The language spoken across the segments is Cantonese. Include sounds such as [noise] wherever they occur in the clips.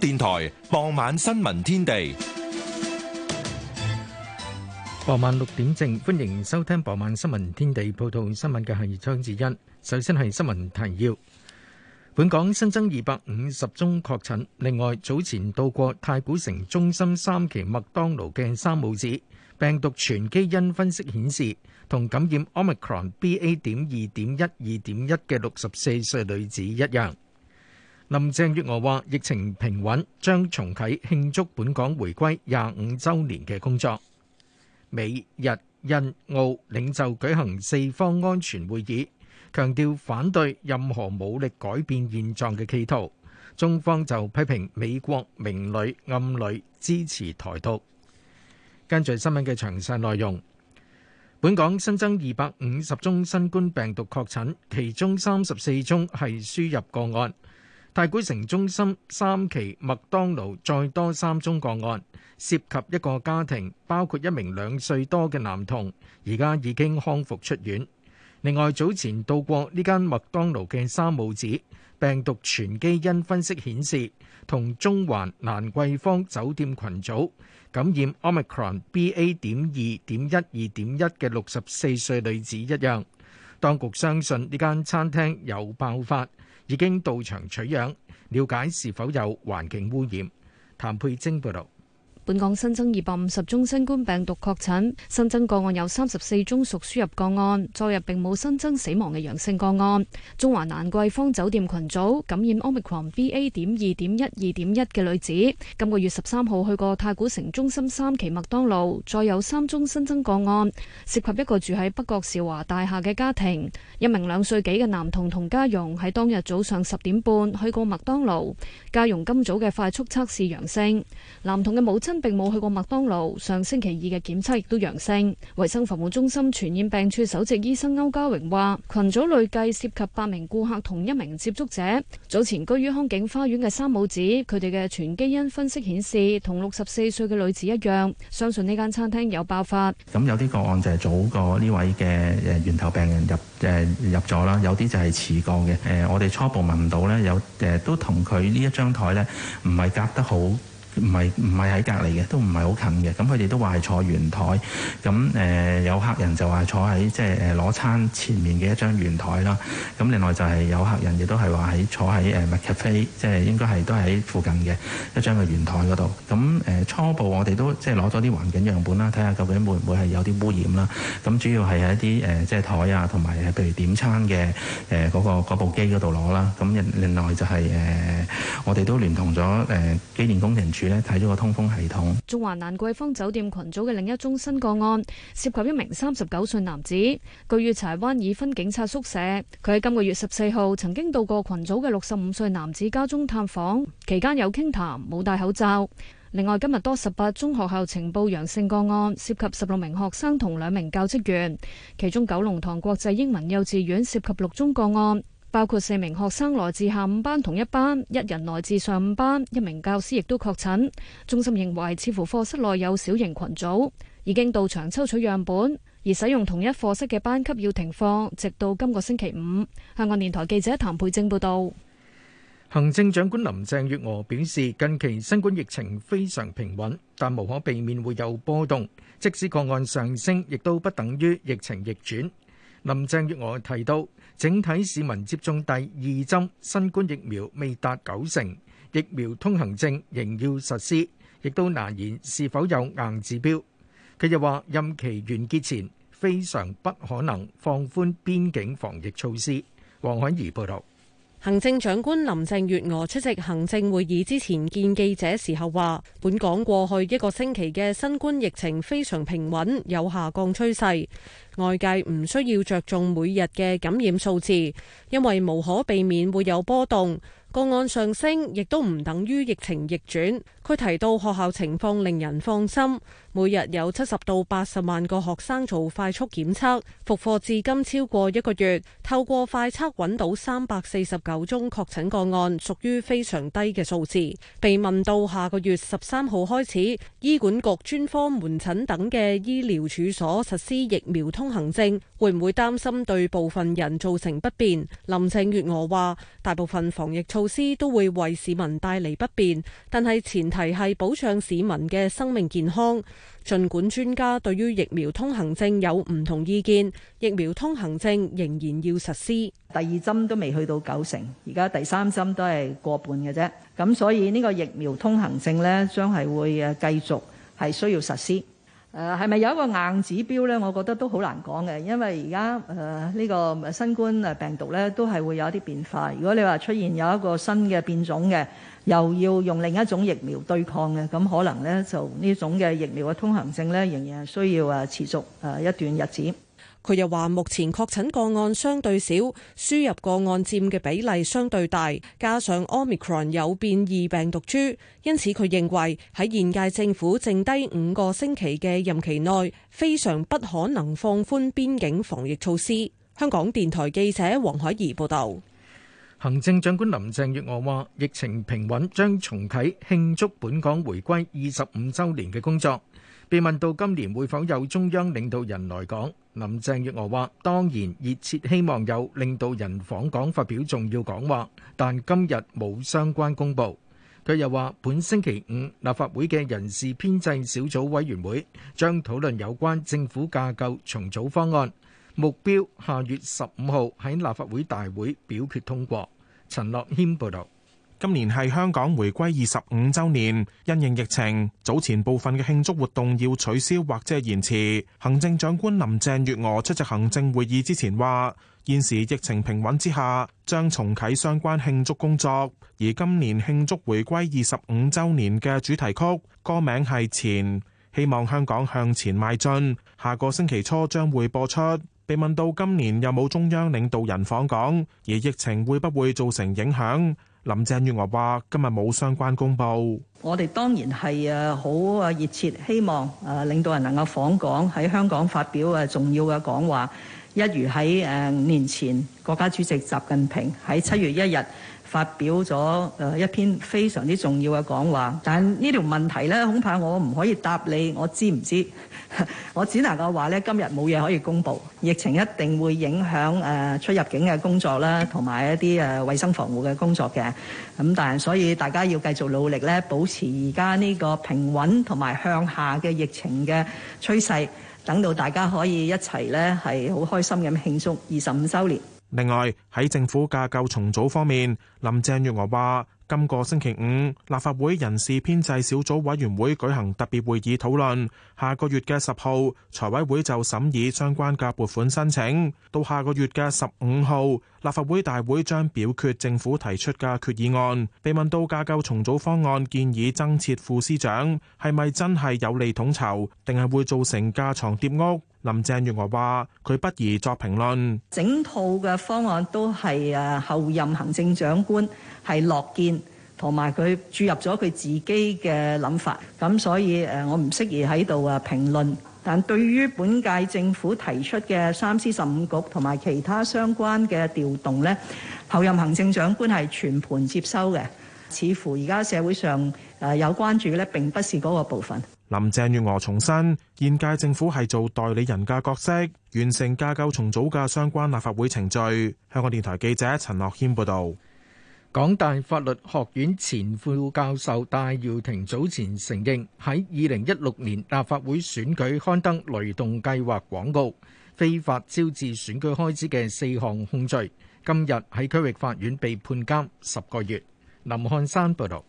電台傍晚新聞天地，傍晚六點正，歡迎收聽傍晚新聞天地。報道新聞嘅係張子欣。首先係新聞提要：本港新增二百五十宗確診，另外早前到過太古城中心三期麥當勞嘅三母子，病毒全基因分析顯示，同感染 omicron BA 點二點一二點一嘅六十四歲女子一樣。林鄭月娥話：疫情平穩，將重啟慶祝本港回歸廿五周年嘅工作。美日印澳領袖舉行四方安全會議，強調反對任何武力改變現狀嘅企圖。中方就批評美國明裏暗裏支持台獨。跟住新聞嘅詳細內容，本港新增二百五十宗新冠病毒確診，其中三十四宗係輸入個案。太古城中心三期麥當勞再多三宗個案，涉及一個家庭，包括一名兩歲多嘅男童，而家已經康復出院。另外，早前到過呢間麥當勞嘅三母子病毒全基因分析顯示，同中環蘭桂坊酒店群組感染 Omicron BA. 點二點一二點一嘅六十四歲女子一樣，當局相信呢間餐廳有爆發。已經到場取樣，了解是否有環境污染。譚佩晶報導。本港新增二百五十宗新冠病毒確診，新增個案有三十四宗屬輸入個案。昨日並冇新增死亡嘅陽性個案。中華蘭桂坊酒店群組感染 Omicron 奧密克戎 BA. 點二點一二點一嘅女子，今個月十三號去過太古城中心三期麥當勞。再有三宗新增個案，涉及一個住喺北角兆華大廈嘅家庭。一名兩歲幾嘅男童同家傭喺當日早上十點半去過麥當勞，家傭今早嘅快速測試陽性。男童嘅母親。並冇去過麥當勞，上星期二嘅檢測亦都陽性。衛生防護中心傳染病處首席醫生歐家榮話：群組累計涉及八名顧客同一名接觸者。早前居於康景花園嘅三母子，佢哋嘅全基因分析顯示同六十四歲嘅女子一樣，相信呢間餐廳有爆發。咁有啲個案就係早過呢位嘅誒源頭病人入誒入咗啦，有啲就係遲過嘅。誒，我哋初步問到咧，有誒都同佢呢一張台咧唔係隔得好。唔係唔係喺隔離嘅，都唔係好近嘅。咁佢哋都話係坐圓台，咁誒有客人就話坐喺即係誒攞餐前面嘅一張圓台啦。咁另外就係有客人亦都係話喺坐喺誒麥咖啡，即係應該係都喺附近嘅一張嘅圓台嗰度。咁誒初步我哋都即係攞咗啲環境樣本啦，睇下究竟會唔會係有啲污染啦。咁主要係喺一啲誒即係台啊，同埋譬如點餐嘅誒嗰個嗰部機嗰度攞啦。咁另另外就係誒我哋都聯同咗誒機電工程署。睇咗個通風系統。中華蘭桂坊酒店群組嘅另一宗新個案，涉及一名三十九歲男子，居於柴灣已婚警察宿舍。佢喺今個月十四號曾經到過群組嘅六十五歲男子家中探訪，期間有傾談，冇戴口罩。另外今日多十八宗學校呈報陽性個案，涉及十六名學生同兩名教職員，其中九龍塘國際英文幼稚園涉及六宗個案。包括四名學生來自下午班同一班，一人來自上午班，一名教師亦都確診。中心認為似乎課室內有小型群組，已經到場抽取樣本，而使用同一課室嘅班級要停課，直到今個星期五。香港電台記者譚佩正報道。行政長官林鄭月娥表示，近期新冠疫情非常平穩，但無可避免會有波動，即使個案上升，亦都不等於疫情逆轉。林鄭月娥提到，整體市民接種第二針新冠疫苗未達九成，疫苗通行證仍要實施，亦都難言是否有硬指標。佢又話，任期完結前非常不可能放寬邊境防疫措施。黃海怡報道。行政長官林鄭月娥出席行政會議之前見記者時候話，本港過去一個星期嘅新冠疫情非常平穩，有下降趨勢。外界唔需要着重每日嘅感染數字，因為無可避免會有波動。個案上升亦都唔等於疫情逆轉。佢提到學校情況令人放心，每日有七十到八十萬個學生做快速檢測，復課至今超過一個月，透過快測揾到三百四十九宗確診個案，屬於非常低嘅數字。被問到下個月十三號開始，醫管局專科門診等嘅醫療處所實施疫苗通行證，會唔會擔心對部分人造成不便？林鄭月娥話大部分防疫措施都會為市民帶嚟不便，但係前提。係保障市民嘅生命健康。儘管專家對於疫苗通行證有唔同意見，疫苗通行證仍然要實施。第二針都未去到九成，而家第三針都係過半嘅啫。咁所以呢個疫苗通行證呢，將係會繼續係需要實施。誒、呃，係咪有一個硬指標呢？我覺得都好難講嘅，因為而家誒呢個新冠病毒呢，都係會有一啲變化。如果你話出現有一個新嘅變種嘅。又要用另一種疫苗對抗嘅，咁可能咧就呢種嘅疫苗嘅通行證咧，仍然係需要啊持續誒一段日子。佢又話目前確診個案相對少，輸入個案佔嘅比例相對大，加上 Omicron 有變異病毒株，因此佢認為喺現屆政府剩低五個星期嘅任期內非常不可能放寬邊境防疫措施。香港電台記者黃海怡報道。行政長官林鄭月娥話：疫情平穩，將重啟慶祝本港回歸二十五週年嘅工作。被問到今年會否有中央領導人來港，林鄭月娥話：當然熱切希望有領導人訪港發表重要講話，但今日冇相關公佈。佢又話：本星期五立法會嘅人事編制小組委員會將討論有關政府架構重組方案。目標下月十五號喺立法會大會表決通過。陳樂謙報道，今年係香港回歸二十五周年，因應疫情，早前部分嘅慶祝活動要取消或者延遲。行政長官林鄭月娥出席行政會議之前話，現時疫情平穩之下，將重啟相關慶祝工作。而今年慶祝回歸二十五周年嘅主題曲歌名係前，希望香港向前邁進。下個星期初將會播出。被問到今年有冇中央領導人訪港，而疫情會不會造成影響，林鄭月娥話：今日冇相關公佈。我哋當然係誒，好啊，熱切希望誒，領導人能夠訪港，喺香港發表誒重要嘅講話，一如喺誒五年前國家主席習近平喺七月一日，發表咗誒一篇非常之重要嘅講話，但係呢條問題咧，恐怕我唔可以答你，我知唔知？ [laughs] 我只能夠話咧，今日冇嘢可以公布，疫情一定會影響誒出入境嘅工作啦，同埋一啲誒衞生防護嘅工作嘅。咁但係，所以大家要繼續努力咧，保持而家呢個平穩同埋向下嘅疫情嘅趨勢，等到大家可以一齊咧係好開心噉慶祝二十五週年。另外喺政府架構重組方面，林鄭月娥話：今個星期五立法會人事編制小組委員會舉行特別會議討論，下個月嘅十號財委會就審議相關嘅撥款申請，到下個月嘅十五號立法會大會將表決政府提出嘅決議案。被問到架構重組方案建議增設副司長，係咪真係有利統籌，定係會造成架床疊屋？林鄭月娥話：佢不宜作評論。整套嘅方案都係誒後任行政長官係樂見，同埋佢注入咗佢自己嘅諗法，咁所以誒我唔適宜喺度誒評論。但對於本屆政府提出嘅三司十五局同埋其他相關嘅調動咧，後任行政長官係全盤接收嘅。似乎而家社會上，誒有關注咧，並不是嗰個部分。林鄭月娥重申，現屆政府係做代理人嘅角色，完成架構重組嘅相關立法會程序。香港電台記者陳樂軒報導。港大法律學院前副教授戴耀廷早前承認喺二零一六年立法會選舉刊登雷動計劃廣告，非法招致選舉開支嘅四項控罪，今日喺區域法院被判監十個月。林漢山報導。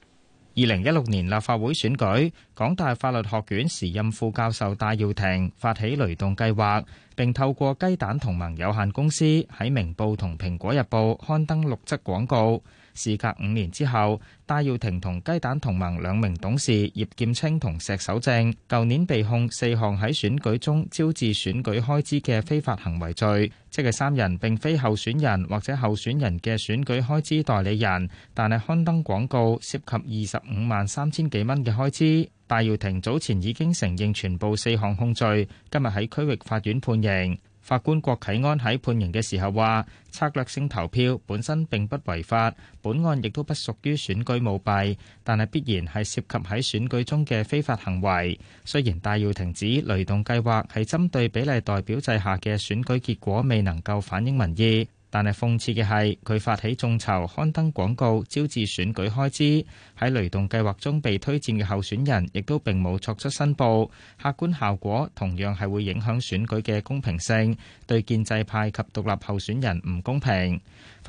二零一六年立法會選舉，港大法律學院時任副教授戴耀廷發起雷動計劃，並透過雞蛋同盟有限公司喺《明報》同《蘋果日報》刊登六則廣告。事隔五年之後，戴耀廷同雞蛋同盟兩名董事葉劍青同石守正，舊年被控四項喺選舉中招致選舉開支嘅非法行為罪，即係三人並非候選人或者候選人嘅選舉開支代理人，但係刊登廣告涉及二十五萬三千幾蚊嘅開支。戴耀廷早前已經承認全部四項控罪，今日喺區域法院判刑。法官郭啟安喺判刑嘅時候話，策略性投票本身並不違法，本案亦都不屬於選舉舞弊，但係必然係涉及喺選舉中嘅非法行為，雖然戴耀廷指雷動計劃，係針對比例代表制下嘅選舉結果未能夠反映民意。但係諷刺嘅係，佢發起眾籌、刊登廣告、招致選舉開支。喺雷動計劃中被推薦嘅候選人，亦都並冇作出申報，客觀效果同樣係會影響選舉嘅公平性，對建制派及獨立候選人唔公平。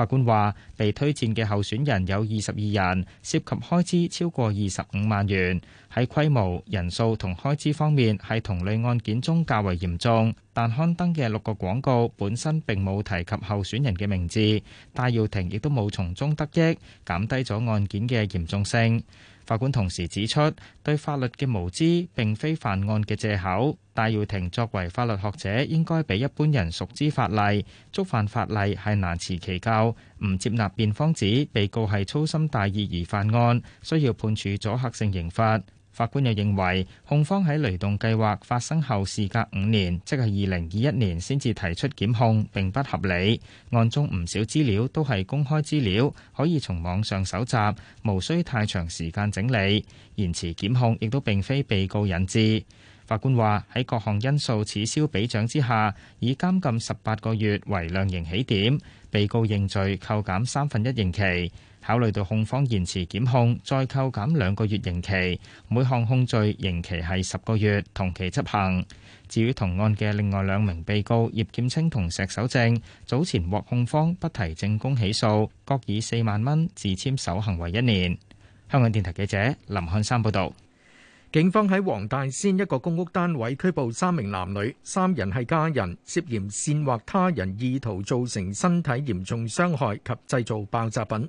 法官話：被推薦嘅候選人有二十二人，涉及開支超過二十五萬元，喺規模、人數同開支方面喺同類案件中較為嚴重。但刊登嘅六個廣告本身並冇提及候選人嘅名字，戴耀廷亦都冇從中得益，減低咗案件嘅嚴重性。法官同時指出，對法律嘅無知並非犯案嘅借口。戴耀廷作為法律學者，應該比一般人熟知法例，觸犯法例係難辭其咎。唔接納辯方指被告係粗心大意而犯案，需要判處阻嚇性刑罰。法官又認為，控方喺雷動計劃發生後事隔五年，即係二零二一年先至提出檢控，並不合理。案中唔少資料都係公開資料，可以從網上搜集，無需太長時間整理。延遲檢控亦都並非被告引致。法官話，喺各項因素此消彼長之下，以監禁十八個月為量刑起點，被告認罪扣減三分一刑期。考慮到控方延遲檢控，再扣減兩個月刑期，每項控罪刑期係十個月，同期執行。至於同案嘅另外兩名被告葉劍青同石守正，早前獲控方不提證供起訴，各以四萬蚊自簽守行為一年。香港電台記者林漢山報導。警方喺黃大仙一個公屋單位拘捕三名男女，三人係家人，涉嫌煽惑他人，意圖造成身體嚴重傷害及製造爆炸品。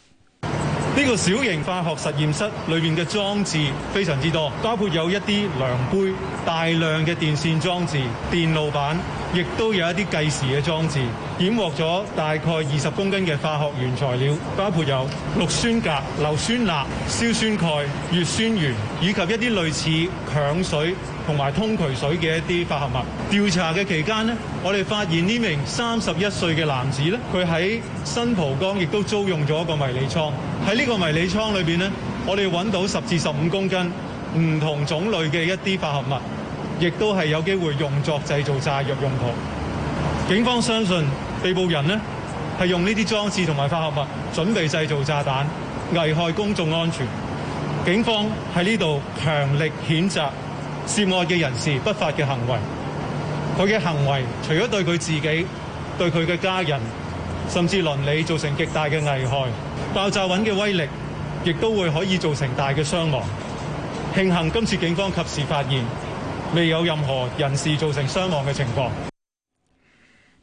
呢個小型化學實驗室裏面嘅裝置非常之多，包括有一啲量杯、大量嘅電線裝置、電路板，亦都有一啲計時嘅裝置。檢獲咗大概二十公斤嘅化學原材料，包括有氯酸鉀、硫酸鈉、硝酸鈣、乙酸鹽，以及一啲類似強水，同埋通渠水嘅一啲化合物。調查嘅期間咧，我哋發現呢名三十一歲嘅男子咧，佢喺新蒲崗亦都租用咗一個迷你倉，喺呢個迷你倉裏邊咧，我哋揾到十至十五公斤唔同種類嘅一啲化合物，亦都係有機會用作製造炸藥用途。警方相信被捕人咧係用呢啲裝置同埋化合物準備製造炸彈，危害公眾安全。警方喺呢度強力譴責。涉案嘅人士不法嘅行為，佢嘅行為除咗對佢自己、對佢嘅家人，甚至倫理造成極大嘅危害。爆炸品嘅威力，亦都會可以造成大嘅傷亡。慶幸今次警方及時發現，未有任何人士造成傷亡嘅情況。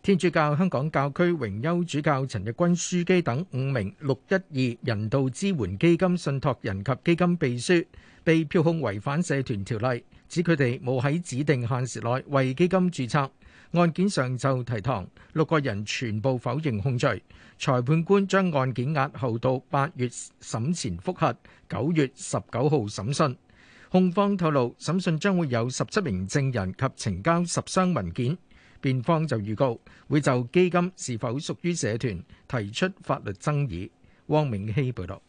天主教香港教區榮休主教陳日君樞機等五名六一二人道支援基金信託人及基金秘書，被票控違反社團條例。指佢哋冇喺指定限時內為基金註冊。案件上就提堂，六個人全部否認控罪。裁判官將案件押後到八月審前複核，九月十九號審訊。控方透露審訊將會有十七名證人及呈交十箱文件。辯方就預告會就基金是否屬於社團提出法律爭議。汪明希報導。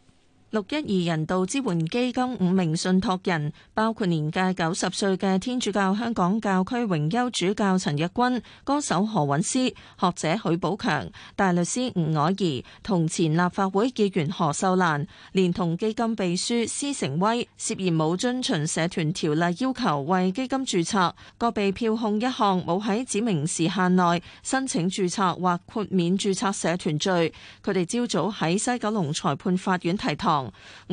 六一二人道支援基金五名信託人，包括年屆九十歲嘅天主教香港教區榮休主教陳日君、歌手何韻詩、學者許寶強、大律師吳靄儀同前立法會議員何秀蘭，連同基金秘書施成威，涉嫌冇遵循社團條例要求為基金註冊，各被票控一項冇喺指明時限內申請註冊或豁免註冊社團罪。佢哋朝早喺西九龍裁判法院提堂。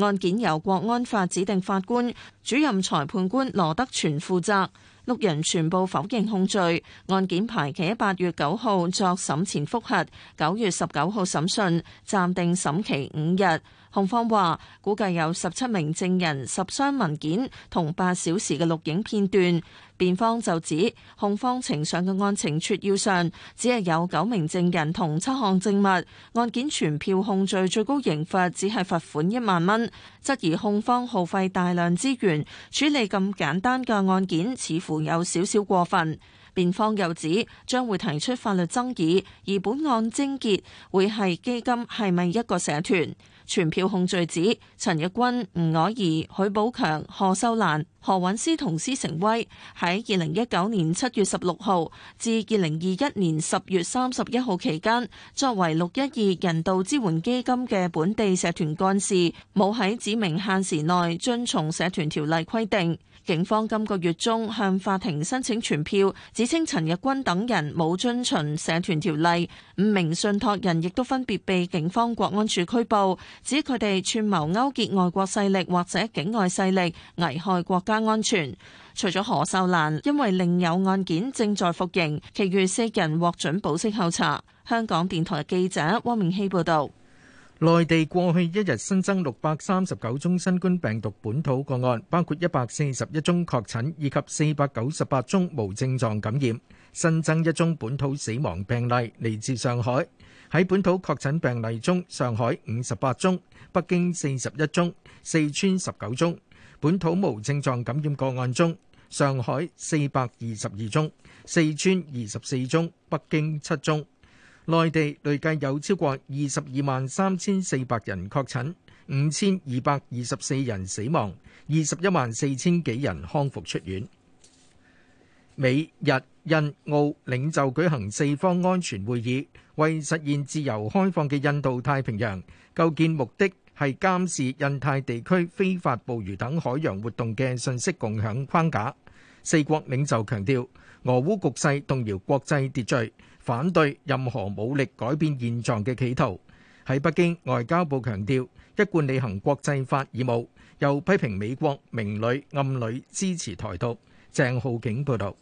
案件由國安法指定法官主任裁判官羅德全負責，六人全部否認控罪。案件排期喺八月九號作審前複核，九月十九號審訊，暫定審期五日。控方話估計有十七名證人、十箱文件同八小時嘅錄影片段。辯方就指控方呈上嘅案情撮要上，只係有九名證人同七項證物，案件全票控罪最高刑罰只係罰款一萬蚊，質疑控方耗費大量資源處理咁簡單嘅案件，似乎有少少過分。辯方又指將會提出法律爭議，而本案癥結會係基金係咪一個社團？全票控罪指陳日君、吳靄儀、許寶強、何秀蘭、何韻詩同施城威喺二零一九年七月十六號至二零二一年十月三十一號期間，作為六一二人道支援基金嘅本地社團幹事，冇喺指明限時內遵從社團條例規定。警方今個月中向法庭申請傳票，指稱陳日君等人冇遵循社團條例。五名信託人亦都分別被警方國安處拘捕，指佢哋串謀勾結外國勢力或者境外勢力，危害國家安全。除咗何秀蘭因為另有案件正在服刑，其餘四人獲准保釋候查。香港電台記者汪明熙報道。內地過去一日新增六百三十九宗新冠病毒本土個案，包括一百四十一宗確診以及四百九十八宗無症狀感染，新增一宗本土死亡病例，嚟自上海。喺本土確診病例中，上海五十八宗，北京四十一宗，四川十九宗；本土無症狀感染個案中，上海四百二十二宗，四川二十四宗，北京七宗。內地累計有超過二十二萬三千四百人確診，五千二百二十四人死亡，二十一萬四千幾人康復出院。美日印澳領袖舉行四方安全會議，為實現自由開放嘅印度太平洋，構建目的係監視印太地區非法捕魚等海洋活動嘅信息共享框架。四國領袖強調，俄烏局勢動搖國際秩序。反對任何武力改變現狀嘅企圖，喺北京外交部強調，一貫履行國際法義務，又批評美國明裏暗裏支持台獨。鄭浩景報導，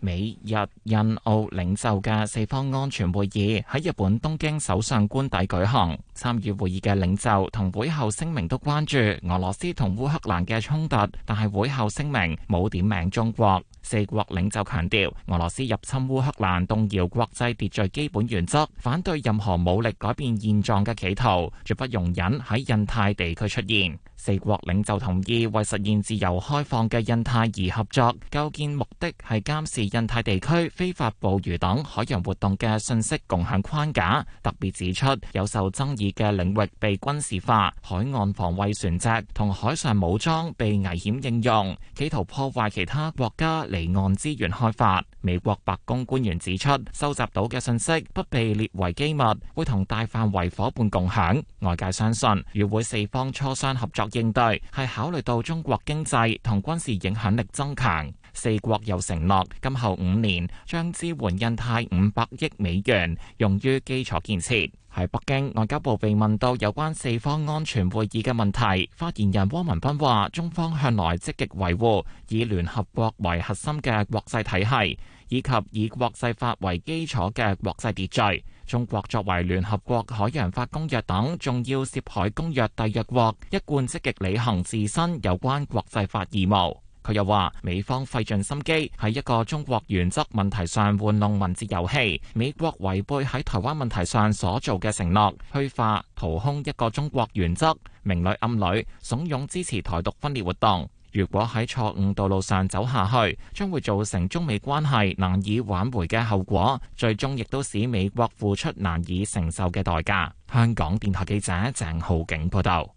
美日印澳領袖嘅四方安全會議喺日本東京首相官邸舉行，參與會議嘅領袖同會後聲明都關注俄羅斯同烏克蘭嘅衝突，但係會後聲明冇點名中國。四國領袖強調，俄羅斯入侵烏克蘭動搖國際秩序基本原則，反對任何武力改變現狀嘅企圖，絕不容忍喺印太地區出現。四國領袖同意為實現自由開放嘅印太而合作，構建目的係監視印太地區非法捕魚等海洋活動嘅信息共享框架。特別指出，有受爭議嘅領域被軍事化，海岸防衛船隻同海上武裝被危險應用，企圖破壞其他國家離岸資源開發，美國白宮官員指出，收集到嘅信息不被列為機密，會同大範圍夥伴共享。外界相信，與會四方磋商合作應對，係考慮到中國經濟同軍事影響力增強。四國又承諾，今後五年將支援印太五百億美元用於基礎建設。喺北京，外交部被問到有關四方安全會議嘅問題，發言人汪文斌話：中方向來積極維護以聯合國為核心嘅國際體系，以及以國際法為基礎嘅國際秩序。中國作為聯合國海洋法公約等重要涉海公約締約國，一貫積極履行自身有關國際法義務。佢又話：美方費盡心機喺一個中國原則問題上玩弄文字遊戲，美國違背喺台灣問題上所做嘅承諾，虛化、掏空一個中國原則，明裏暗裏慫恿支持台獨分裂活動。如果喺錯誤道路上走下去，將會造成中美關係難以挽回嘅後果，最終亦都使美國付出難以承受嘅代價。香港電台記者鄭浩景報道。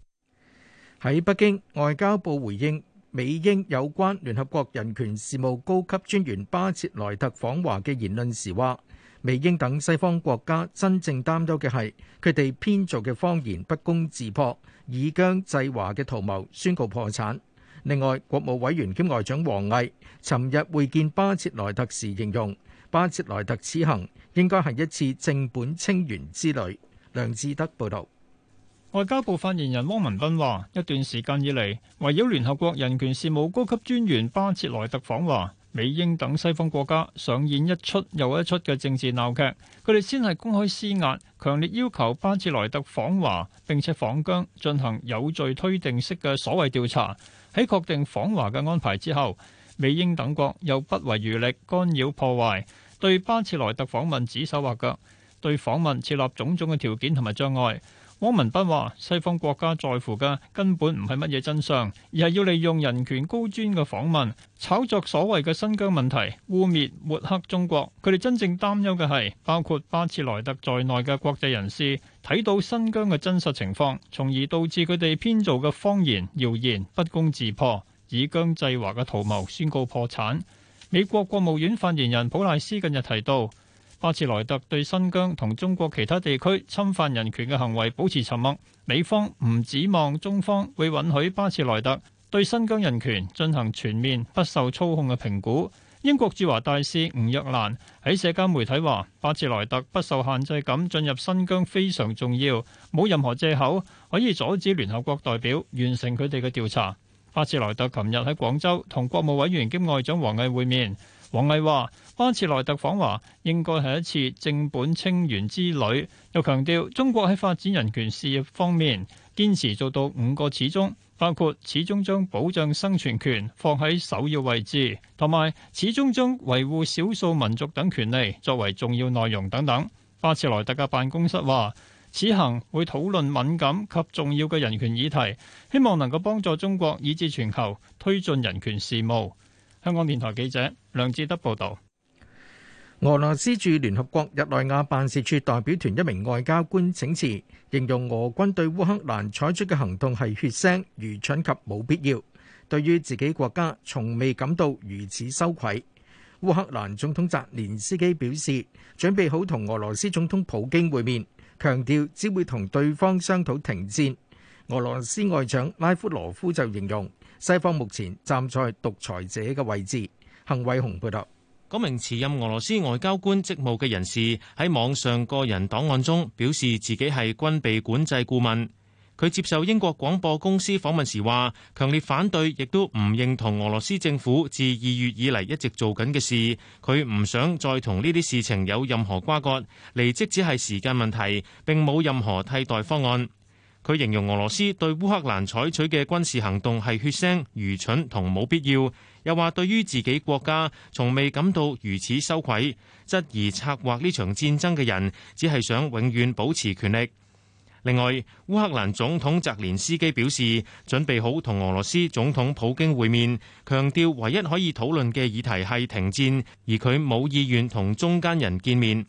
喺北京，外交部回應美英有關聯合國人權事務高級專員巴切萊特訪華嘅言論時，話美英等西方國家真正擔憂嘅係佢哋編造嘅謊言不攻自破，以疆制華嘅圖謀宣告破產。另外，國務委員兼外長王毅尋日會見巴切萊特時，形容巴切萊特此行應該係一次正本清源之旅。梁志德報導。外交部發言人汪文斌話，一段時間以嚟，圍繞聯合國人權事務高級專員巴切萊特訪華，美英等西方國家上演一出又一出嘅政治鬧劇，佢哋先係公開施壓，強烈要求巴切萊特訪華並且訪疆，進行有罪推定式嘅所謂調查。喺確定訪華嘅安排之後，美英等國又不遺餘力干擾破壞，對巴切萊特訪問指手畫腳，對訪問設立種種嘅條件同埋障礙。汪文斌話：西方國家在乎嘅根本唔係乜嘢真相，而係要利用人權高專嘅訪問，炒作所謂嘅新疆問題，污蔑抹黑中國。佢哋真正擔憂嘅係，包括巴切萊特在內嘅國際人士睇到新疆嘅真實情況，從而導致佢哋編造嘅謊言、謠言不攻自破，以疆制華嘅圖謀宣告破產。美國國務院發言人普賴斯近日提到。巴切萊特對新疆同中國其他地區侵犯人權嘅行為保持沉默。美方唔指望中方會允許巴切萊特對新疆人權進行全面不受操控嘅評估。英國駐華大使吳若蘭喺社交媒體話：巴切萊特不受限制咁進入新疆非常重要，冇任何借口可以阻止聯合國代表完成佢哋嘅調查。巴切萊特琴日喺廣州同國務委員兼外長王毅會面，王毅話：巴切萊特訪華應該係一次正本清源之旅，又強調中國喺發展人權事業方面堅持做到五個始終，包括始終將保障生存權放喺首要位置，同埋始終將維護少數民族等權利作為重要內容等等。巴切萊特嘅辦公室話：此行會討論敏感及重要嘅人權議題，希望能夠幫助中國以至全球推進人權事務。香港電台記者梁志德報道。俄羅斯駐聯合國日內瓦辦事處代表團一名外交官請辭，形容俄軍對烏克蘭採取嘅行動係血腥、愚蠢及冇必要。對於自己國家，從未感到如此羞愧。烏克蘭總統澤連斯基表示，準備好同俄羅斯總統普京會面，強調只會同對方商討停戰。俄羅斯外長拉夫羅夫就形容西方目前站在獨裁者嘅位置。幸偉雄報道。嗰名辭任俄羅斯外交官職務嘅人士喺網上個人檔案中表示自己係軍備管制顧問。佢接受英國廣播公司訪問時話：強烈反對，亦都唔認同俄羅斯政府自二月以嚟一直做緊嘅事。佢唔想再同呢啲事情有任何瓜葛，離職只係時間問題，並冇任何替代方案。佢形容俄羅斯對烏克蘭採取嘅軍事行動係血腥、愚蠢同冇必要。又話對於自己國家從未感到如此羞愧，質疑策劃呢場戰爭嘅人，只係想永遠保持權力。另外，烏克蘭總統澤連斯基表示，準備好同俄羅斯總統普京會面，強調唯一可以討論嘅議題係停戰，而佢冇意願同中間人見面。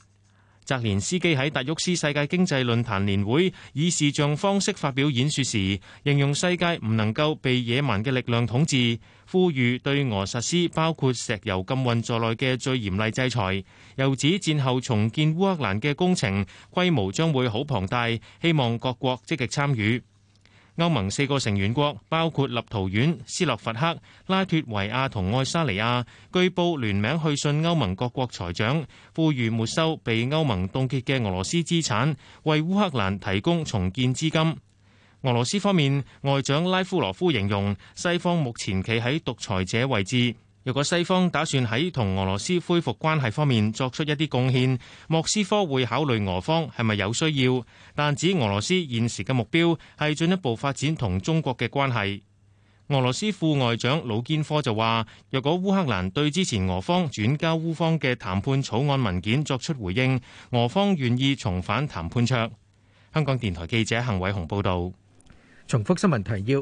澤連斯基喺達沃斯世界經濟論壇年會以視像方式發表演說時，形容世界唔能夠被野蠻嘅力量統治，呼籲對俄實施包括石油禁運在內嘅最嚴厲制裁。又指戰後重建烏克蘭嘅工程規模將會好龐大，希望各國積極參與。歐盟四個成員國包括立陶宛、斯洛伐克、拉脱維亞同愛沙尼亞，據報聯名去信歐盟各國財長，呼籲沒收被歐盟凍結嘅俄羅斯資產，為烏克蘭提供重建資金。俄羅斯方面外長拉夫羅夫形容西方目前企喺獨裁者位置。若果西方打算喺同俄羅斯恢復關係方面作出一啲貢獻，莫斯科會考慮俄方係咪有需要，但指俄羅斯現時嘅目標係進一步發展同中國嘅關係，俄羅斯副外長魯堅科就話，若果烏克蘭對之前俄方轉交烏方嘅談判草案文件作出回應，俄方願意重返談判桌。香港電台記者陳偉雄報道。重複新聞提要。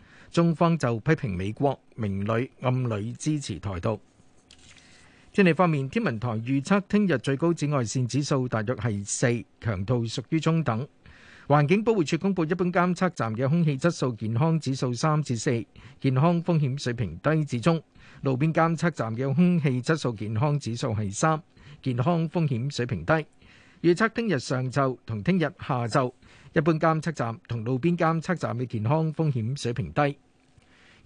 中方就批評美國明裏暗裏支持台獨。天氣方面，天文台預測聽日最高紫外線指數大約係四，強度屬於中等。環境保護署公布一般監測站嘅空氣質素健康指數三至四，健康風險水平低至中。路邊監測站嘅空氣質素健康指數係三，健康風險水平低。預測聽日上晝同聽日下晝。一般監測站同路邊監測站嘅健康風險水平低。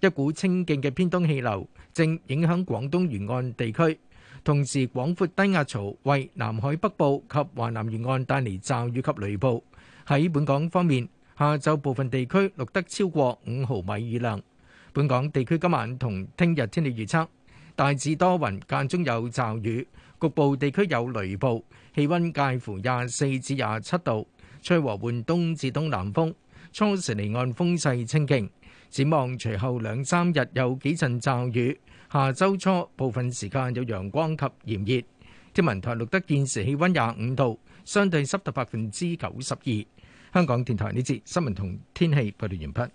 一股清勁嘅偏東氣流正影響廣東沿岸地區，同時廣闊低壓槽為南海北部及華南沿岸帶嚟驟雨及雷暴。喺本港方面，下晝部分地區錄得超過五毫米雨量。本港地區今晚同聽日天氣預測大致多雲，間中有驟雨，局部地區有雷暴，氣温介乎廿四至廿七度。吹和緩東至東南風，初時離岸風勢清勁，展望隨後兩三日有幾陣驟雨，下周初部分時間有陽光及炎熱。天文台錄得現時氣温廿五度，相對濕度百分之九十二。香港電台呢節新聞同天氣報道完畢。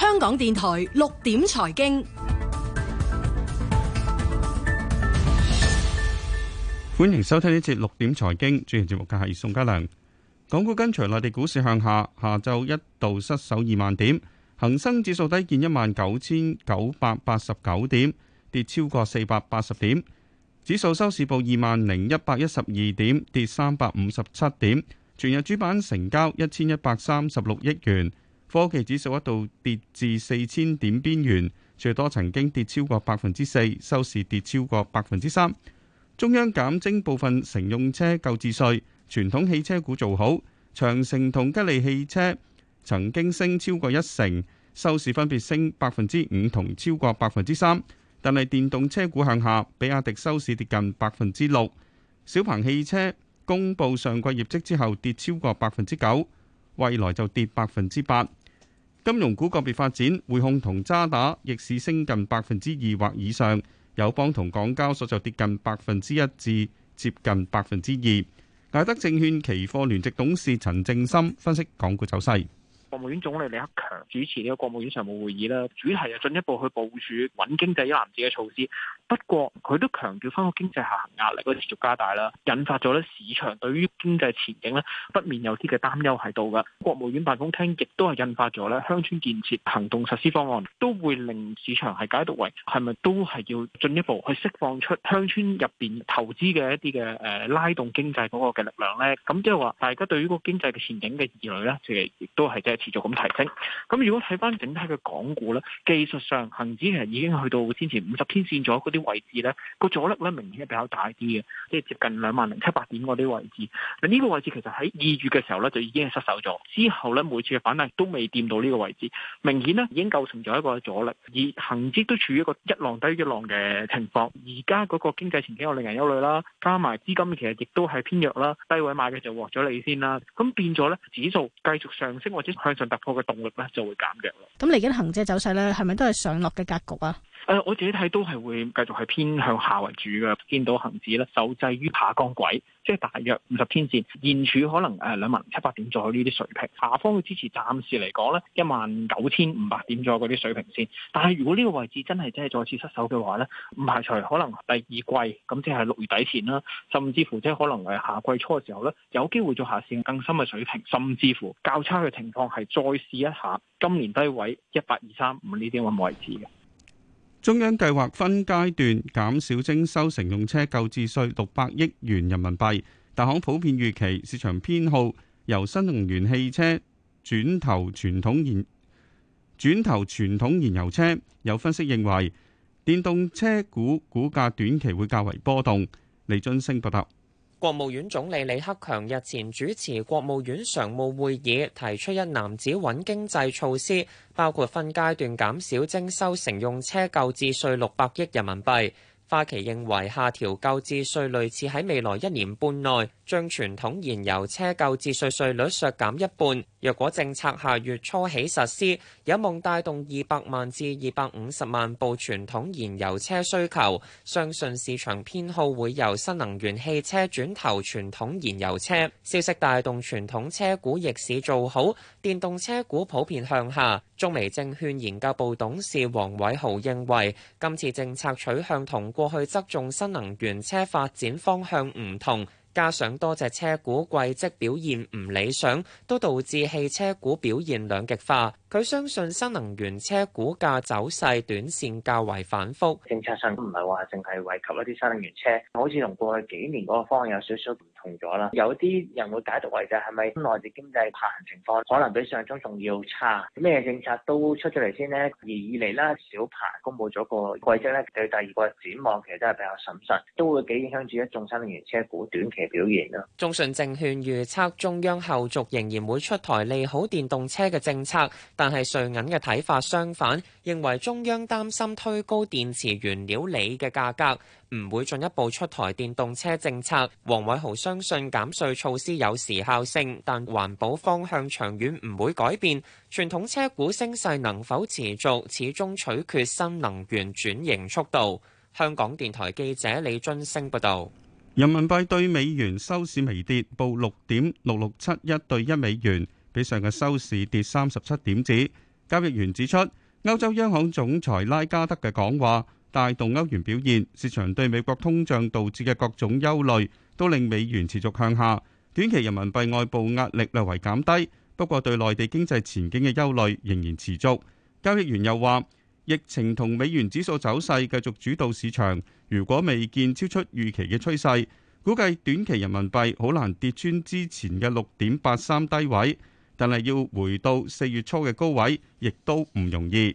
香港電台六點財經。歡迎收聽呢節六點財經，主持節目嘅係宋家良。港股跟隨內地股市向下，下晝一度失守二萬點，恒生指數低見一萬九千九百八十九點，跌超過四百八十點。指數收市報二萬零一百一十二點，跌三百五十七點。全日主板成交一千一百三十六億元。科技指數一度跌至四千點邊緣，最多曾經跌超過百分之四，收市跌超過百分之三。中央減徵部分乘用車購置稅，傳統汽車股做好，長城同吉利汽車曾經升超過一成，收市分別升百分之五同超過百分之三。但係電動車股向下，比亞迪收市跌近百分之六，小鵬汽車公佈上季業績之後跌超過百分之九，蔚來就跌百分之八。金融股個別發展，匯控同渣打逆市升近百分之二或以上。友邦同港交所就跌近百分之一至接近百分之二。艾德證券期貨聯席董事陳正森分析港股走勢。國務院總理李克強主持呢個國務院常務會議啦，主題就進一步去部署穩經濟一籃子嘅措施。不過佢都強調翻個經濟下行壓力都持續加大啦，引發咗咧市場對於經濟前景咧不免有啲嘅擔憂喺度噶。國務院辦公廳亦都係印發咗咧鄉村建設行動實施方案，都會令市場係解讀為係咪都係要進一步去釋放出鄉村入邊投資嘅一啲嘅誒拉動經濟嗰個嘅力量咧？咁即係話，大家對於個經濟嘅前景嘅疑慮咧，其實亦都係即係。持續咁提升。咁如果睇翻整體嘅港股咧，技術上恒指其實已經去到先前五十天線左嗰啲位置咧，個阻力咧明顯係比較大啲嘅，即係接近兩萬零七八點嗰啲位置。呢個位置其實喺二月嘅時候咧就已經係失守咗，之後咧每次嘅反彈都未掂到呢個位置，明顯呢已經構成咗一個阻力。而恒指都處於一個一浪低一浪嘅情況。而家嗰個經濟前景又令人憂慮啦，加埋資金其實亦都係偏弱啦，低位買嘅就獲咗利先啦。咁變咗咧，指數繼續上升或者向上突破嘅動力咧就會減弱。咁嚟緊行情走勢咧，係咪都係上落嘅格局啊？誒、呃，我自己睇都係會繼續係偏向下為主嘅，見到恒指咧受制於下降軌，即、就、係、是、大約五十天線，現處可能誒兩萬七八點左右呢啲水平，下方嘅支持暫時嚟講咧一萬九千五百點左右嗰啲水平線。但係如果呢個位置真係真係再次失守嘅話咧，唔排除可能第二季咁即係六月底前啦、啊，甚至乎即係可能係下季初嘅時候咧，有機會做下線更深嘅水平，甚至乎較差嘅情況係再試一下今年低位一八二三五呢啲位位置嘅。中央計劃分階段減少徵收乘用車購置稅六百億元人民幣，大行普遍預期市場偏好由新能源汽車轉投傳統燃轉投傳統燃油車。有分析認為，電動車股股價短期會較為波動。李晉升報道。國務院總理李克強日前主持國務院常務會議，提出一攬子穩經濟措施，包括分階段減少徵收乘用車購置稅六百億人民幣。花旗認為下調購置稅類似喺未來一年半內。將傳統燃油車購置稅稅率削減一半。若果政策下月初起實施，有望帶動二百萬至二百五十萬部傳統燃油車需求。相信市場偏好會由新能源汽車轉投傳統燃油車。消息帶動傳統車股逆市做好，電動車股普遍向下。中微證券研究部董事王偉豪認為，今次政策取向同過去側重新能源車發展方向唔同。加上多隻車股季績表現唔理想，都導致汽車股表現兩極化。佢相信新能源車股價走勢短線較為反複。政策上都唔係話淨係惠及一啲新能源車，好似同過去幾年嗰個方向有少少唔同咗啦。有啲人會解讀為就係咪內地經濟下行情況可能比上中仲要差，咩政策都出出嚟先呢。而以嚟啦，小鵬公佈咗個季績咧，對第二個展望其實都係比較審慎，都會幾影響住一眾新能源車股短期表現咯。中信證券預測中央後續仍然會出台利好電動車嘅政策。但係，瑞銀嘅睇法相反，認為中央擔心推高電池原料鋰嘅價格，唔會進一步出台電動車政策。黃偉豪相信減稅措施有時效性，但環保方向長遠唔會改變。傳統車股升勢能否持續，始終取決新能源轉型速度。香港電台記者李津升報道。人民幣對美元收市微跌，報六點六六七一對一美元。比上日收市跌三十七點子。交易員指出，歐洲央行總裁拉加德嘅講話帶動歐元表現，市場對美國通脹導致嘅各種憂慮都令美元持續向下。短期人民幣外部壓力略為減低，不過對內地經濟前景嘅憂慮仍然持續。交易員又話，疫情同美元指數走勢繼續主導市場。如果未見超出預期嘅趨勢，估計短期人民幣好難跌穿之前嘅六點八三低位。但係要回到四月初嘅高位，亦都唔容易。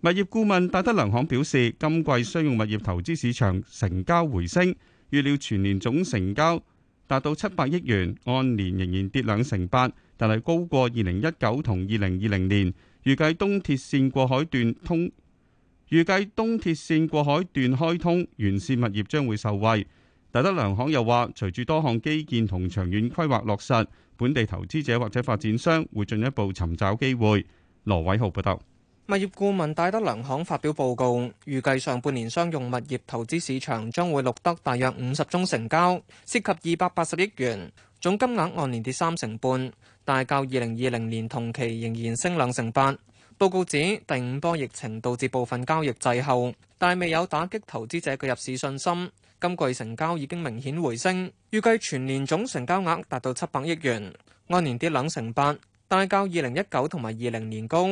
物業顧問戴德梁行表示，今季商用物業投資市場成交回升，預料全年總成交達到七百億元，按年仍然跌兩成八，但係高過二零一九同二零二零年。預計東鐵綫過海段通，預計東鐵綫過海段開通，沿線物業將會受惠。戴德梁行又話，隨住多項基建同長遠規劃落實。本地投資者或者發展商會進一步尋找機會，羅偉浩報道。物業顧問戴德良行發表報告，預計上半年商用物業投資市場將會錄得大約五十宗成交，涉及二百八十億元總金額按年跌三成半，但較二零二零年同期仍然升兩成八。報告指第五波疫情導致部分交易滯後，但未有打擊投資者嘅入市信心。今季成交已經明顯回升，預計全年總成交額達到七百億元，按年跌兩成八，但較二零一九同埋二零年高。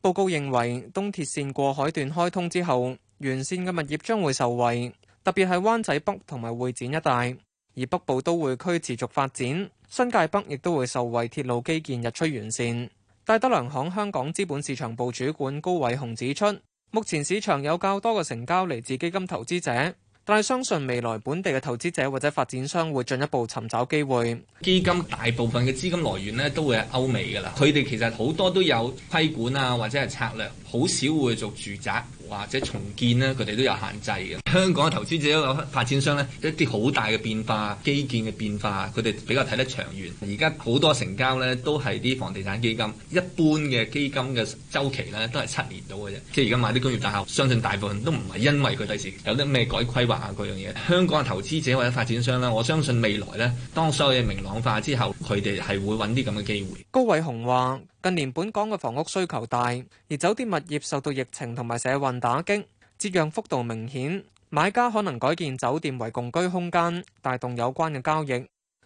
報告認為，東鐵綫過海段開通之後沿線嘅物業將會受惠，特別係灣仔北同埋會展一帶，而北部都會區持續發展，新界北亦都會受惠鐵路基建日趨完善。戴德梁行香港資本市場部主管高偉雄指出，目前市場有較多嘅成交嚟自基金投資者。但係相信未來本地嘅投資者或者發展商會進一步尋找機會。基金大部分嘅資金來源咧，都會喺歐美㗎啦，佢哋其實好多都有規管啊，或者係策略，好少會做住宅。或者重建咧，佢哋都有限制嘅。香港嘅投資者或者發展商咧，一啲好大嘅變化、基建嘅變化，佢哋比較睇得長遠。而家好多成交咧，都係啲房地產基金。一般嘅基金嘅週期咧，都係七年到嘅啫。即係而家買啲工業大廈，相信大部分都唔係因為佢第時有啲咩改規劃啊嗰樣嘢。香港嘅投資者或者發展商咧，我相信未來咧，當所有嘢明朗化之後，佢哋係會揾啲咁嘅機會。高偉雄話。近年，本港嘅房屋需求大，而酒店物業受到疫情同埋社運打擊，折讓幅度明顯。買家可能改建酒店為共居空間，帶動有關嘅交易。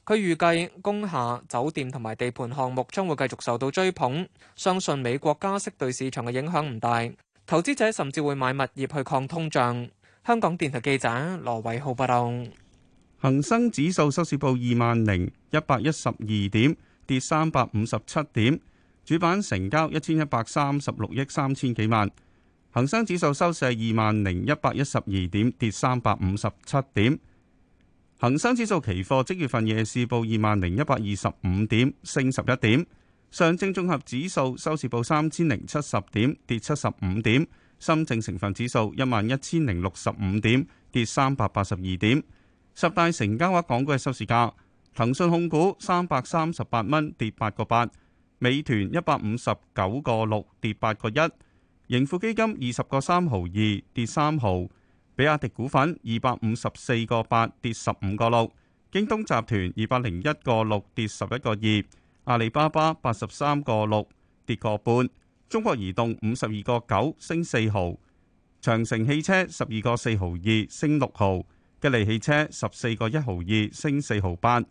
佢預計工廈酒店同埋地盤項目將會繼續受到追捧。相信美國加息對市場嘅影響唔大，投資者甚至會買物業去抗通脹，香港電台記者羅偉浩報道。恒生指數收市報二萬零一百一十二點，跌三百五十七點。主板成交一千一百三十六億三千幾萬，恒生指數收市二萬零一百一十二點，跌三百五十七點。恒生指數期貨即月份夜市報二萬零一百二十五點，升十一點。上證綜合指數收市報三千零七十點，跌七十五點。深證成分指數一萬一千零六十五點，跌三百八十二點。十大成交話講嘅收市價，騰訊控股三百三十八蚊，跌八個八。美團一百五十九個六跌八個一，盈富基金二十個三毫二跌三毫，比亞迪股份二百五十四個八跌十五個六，京東集團二百零一個六跌十一個二，阿里巴巴八十三個六跌個半，中國移動五十二個九升四毫，長城汽車十二個四毫二升六毫，吉利汽車十四個一毫二升四毫八，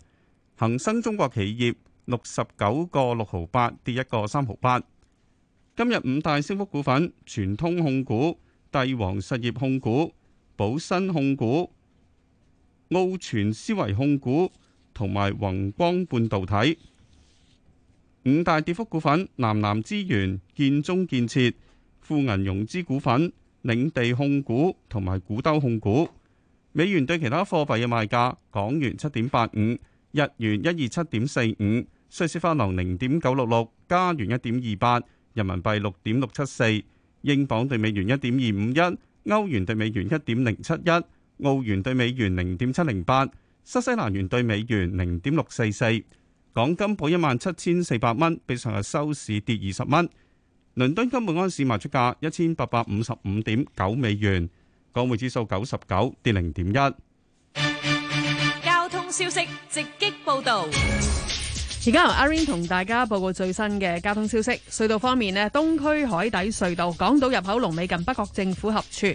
恒生中國企業。六十九個六毫八，68，跌一個三毫八。今日五大升幅股份：全通控股、帝王實業控股、寶新控股、澳全思維控股同埋宏光半導體。五大跌幅股份：南南資源、建中建設、富銀融資股份、領地控股同埋古兜控股。美元對其他貨幣嘅賣價：港元七點八五，日元一二七點四五。瑞士法郎零點九六六，加元一點二八，人民幣六點六七四，英鎊兌美元一點二五一，歐元兌美元一點零七一，澳元兌美元零點七零八，新西蘭元兌美元零點六四四。港金報一萬七千四百蚊，比上日收市跌二十蚊。倫敦金每安士賣出價一千八百五十五點九美元，港匯指數九十九跌零點一。交通消息直擊報道。而家由阿 rain 同大家報告最新嘅交通消息。隧道方面咧，東區海底隧道港島入口龍尾近北角政府合署；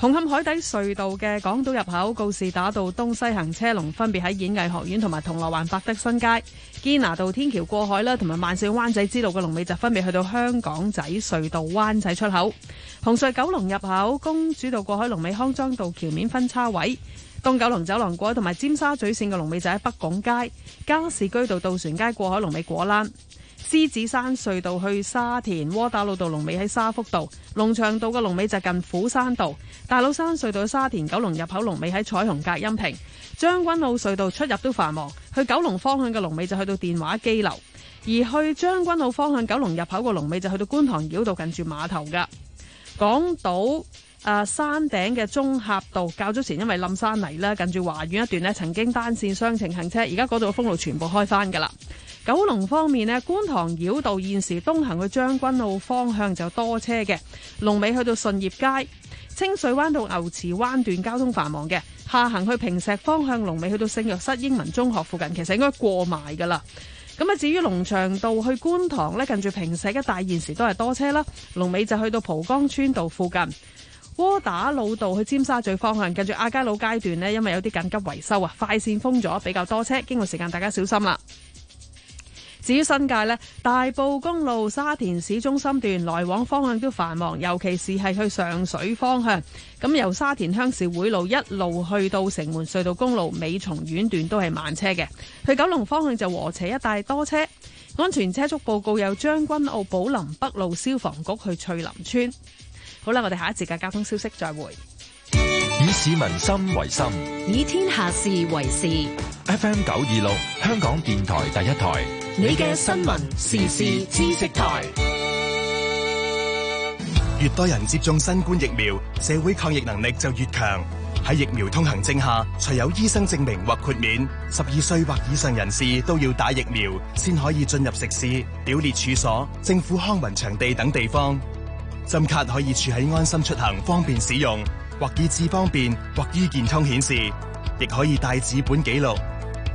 紅磡海底隧道嘅港島入口告士打道東西行車龍分別喺演藝學院同埋銅鑼灣百德新街；堅拿道天橋過海啦，同埋萬勝灣仔之路嘅龍尾就分別去到香港仔隧道灣仔出口；紅隧九龍入口公主道過海龍尾康莊道橋面分叉位。東九龍走廊過海同埋尖沙咀線嘅龍尾就喺北港街、加士居道、道、渡船街、過海龍尾果欄、獅子山隧道去沙田窩打老道龍尾喺沙福道、龍翔道嘅龍尾就近虎山道、大老山隧道去沙田九龍入口龍尾喺彩虹隔音屏、將軍澳隧道出入都繁忙，去九龍方向嘅龍尾就去到電話機樓，而去將軍澳方向九龍入口嘅龍尾就去到觀塘繞道近住碼頭噶港島。誒、啊、山頂嘅中峽道，較早前因為冧山泥咧，近住華苑一段咧，曾經單線雙程行車。而家嗰度嘅封路全部開翻㗎啦。九龍方面咧，觀塘繞道現時東行去將軍澳方向就多車嘅，龍尾去到順業街、清水灣到牛池灣段交通繁忙嘅，下行去坪石方向，龍尾去到聖若瑟英文中學附近，其實應該過埋㗎啦。咁啊，至於龍翔道去觀塘呢，近住坪石一帶現時都係多車啦，龍尾就去到蒲崗村道附近。窩打老道去尖沙咀方向，近住亞皆老街段呢，因為有啲緊急維修啊，快線封咗，比較多車，經過時間大家小心啦。至於新界呢，大埔公路沙田市中心段來往方向都繁忙，尤其是係去上水方向，咁由沙田鄉事會路一路去到城門隧道公路美松苑段都係慢車嘅，去九龍方向就和斜一帶多車。安全車速報告有將軍澳寶林北路消防局去翠林村。好啦，我哋下一節嘅交通消息再會。以市民心為心，以天下事為事。F M 九二六，香港電台第一台。你嘅新聞時事知識台。越多人接種新冠疫苗，社會抗疫能力就越強。喺疫苗通行證下，除有醫生證明或豁免，十二歲或以上人士都要打疫苗，先可以進入食肆、表列處所、政府康文場地等地方。針卡可以儲喺安心出行方便使用，或以智方便，或醫健通顯示，亦可以帶紙本記錄，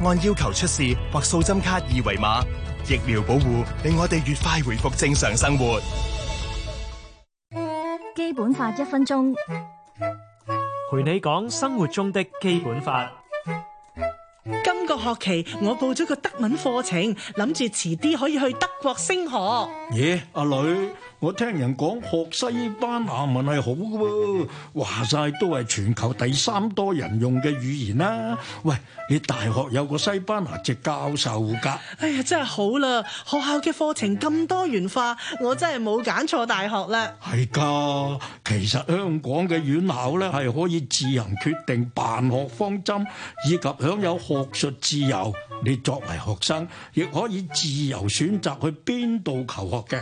按要求出示或掃針卡二維碼。疫苗保護令我哋越快回復正常生活。基本法一分鐘，陪你講生活中的基本法。今個學期我報咗個德文課程，諗住遲啲可以去德國升學。咦、yeah，阿女？我聽人講學西班牙文係好㗎喎，話晒都係全球第三多人用嘅語言啦。喂，你大學有個西班牙籍教授㗎？哎呀，真係好啦！學校嘅課程咁多元化，我真係冇揀錯大學啦。係㗎，其實香港嘅院校呢係可以自行決定辦學方針，以及享有學術自由。你作為學生，亦可以自由選擇去邊度求學嘅。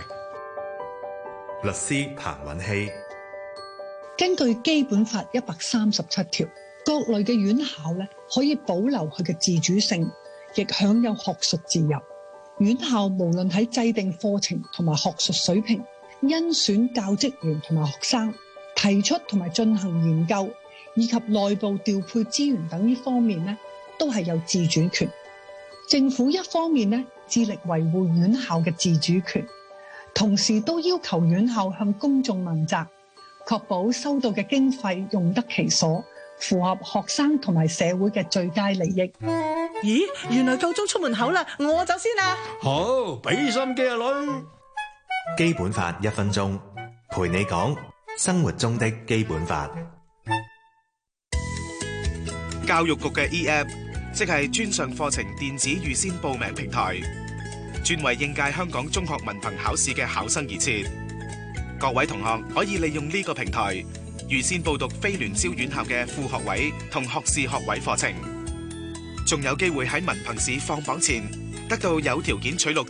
律師彭允希，根據基本法一百三十七條，各類嘅院校咧可以保留佢嘅自主性，亦享有學術自由。院校無論喺制定課程同埋學術水平、甄選教職員同埋學生、提出同埋進行研究，以及內部調配資源等呢方面咧，都係有自主權。政府一方面咧致力維護院校嘅自主權。同時都要求院校向公眾問責，確保收到嘅經費用得其所，符合學生同埋社會嘅最佳利益。咦，原來夠鍾出門口啦，我走先啦。好，俾心機啊，女。基本法一分鐘，陪你講生活中的基本法。教育局嘅 e-app，即係專上課程電子預先報名平台。專為應屆香港中學文憑考試嘅考生而設，各位同學可以利用呢個平台預先報讀非聯招院校嘅副學位同學士學位課程，仲有機會喺文憑試放榜前得到有條件取錄。